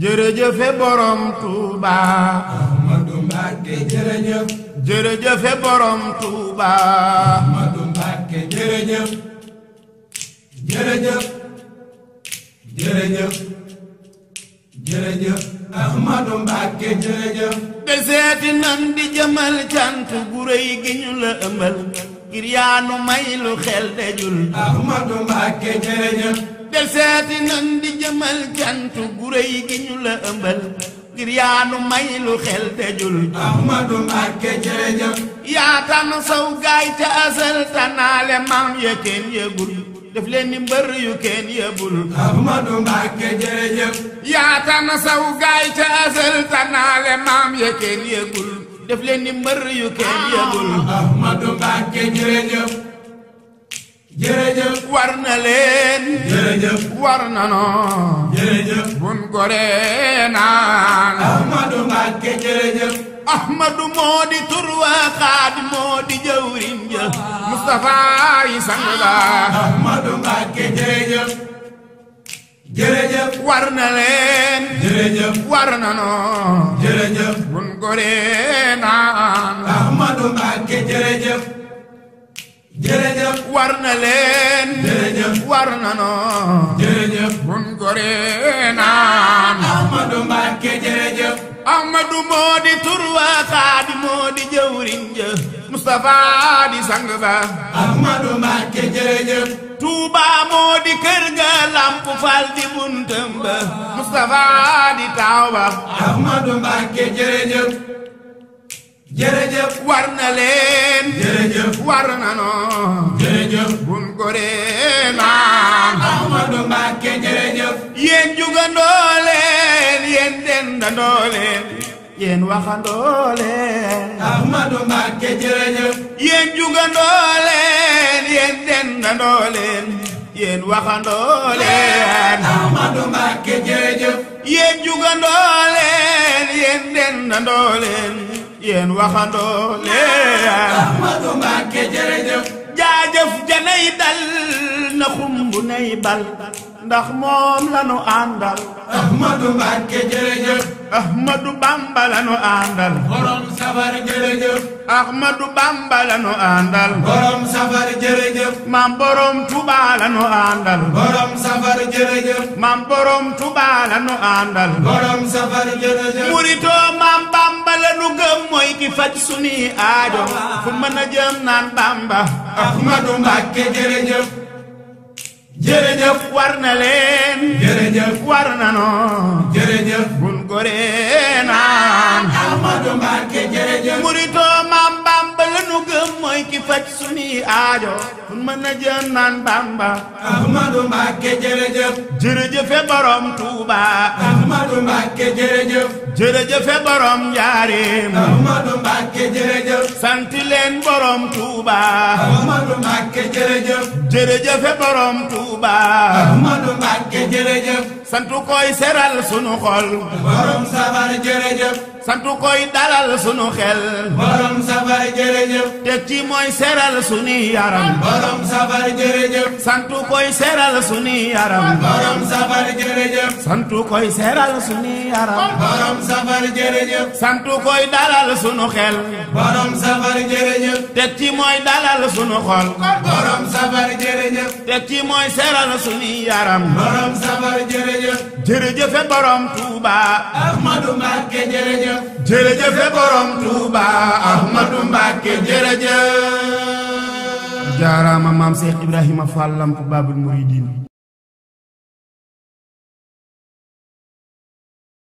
jërëjëfe borom Touba. Ahmadou Mbacké jërëjëf. jërëjëfe borom Touba. Ahmadou Mbacké jërëjëf. jërëjëf. jërëjëf. nan di jëmal cant gu rëy gi ñu la ëmbal. ngir yaanu del seeti nan di jëmal cantu gu gi ñu la ëmbal ngir may lu xel tejul Ahmadu Mbàkke jërëjëf yaa tànn saw gaay te asal tànnaale maam ya kenn yëgul def leen ni mbër yu kenn yëbul Ahmadu Mbàkke jërëjëf yaa tànn saw gaay te asal tànnaale maam ya kenn yëgul def leen ni mbër yu kenn yëbul Ahmadu Mbàkke jërëjëf jërëjëf war na leen jërëjëf war nanoo jërëjëf bun goree naan Ahmadu Mbàkke jërëjëf Ahmadu moo di tur waa Xaadim moo di jëwriñ ja ah. Mustafa yi sang la Ahmadu Mbàkke jërëjëf jërëjëf war na leen jërëjëf war nanoo jërëjëf bun goree naan Ahmadu Mbàkke jërëjëf jërëjëf war na leen war nanoo. jërëjëf buñ ko ree naan. Ahmadou Mbacké jërëjëf. Ahmadou moo di tur wa Xaadi moo di jëwriñ ja Moustapha di sang ba. Ahmadou Mbacké jërëjëf. Touba moo di kër ga Lamp Fall di buntam ba Moustapha di taaw ba. Ahmadou Mbacké jërëjëf. jërëjëf war na leen. jërëjëf war na noo. jërëjëf buñ ko dee. dindandoo leen yéen leen Ahmadou Mbacké leen yéen dindandoo leen yéen waxandoo leen Ahmadou jërëjëf yéen jugandoo leen yéen dindandoo leen yéen waxandoo leen Ahmadou Mbacké jërëjëf jaajëf janay dal na xumbu nay bal ndax moom lanu àndal Bamba lanu àndal ki faj aajo fu mën a jëm naan Bamba Ahmadu Mbàkke jërëjëf jërëjëf war na leen. jërëjëf war na noo. jërëjëf bun goree naan. Ahmadou Mbacké jërëjëf. muritoo maam Bamba la nu gëm mooy ki faj suñuy aajo. kun mën a jërëjëf. jërëjëf. jërëjëfe borom Njaaréem. sant leen borom Touba. Ahmadou Mbacké jërëjëf. jërëjëf borom Touba. Ahmadou Mbacké jërëjëf. sant seral sunu borom safar jërëjëf. sant dalal sunu borom safar jërëjëf. teg ci mooy seral suni yaram. borom safar jërëjëf. santu seral suni yaram. borom safar jërëjëf. santu koy borom safar jërëjëf. santu koy jërëjëf jaaraama maam Cheikh Ibrahima Fall Lamp Babul Mouridine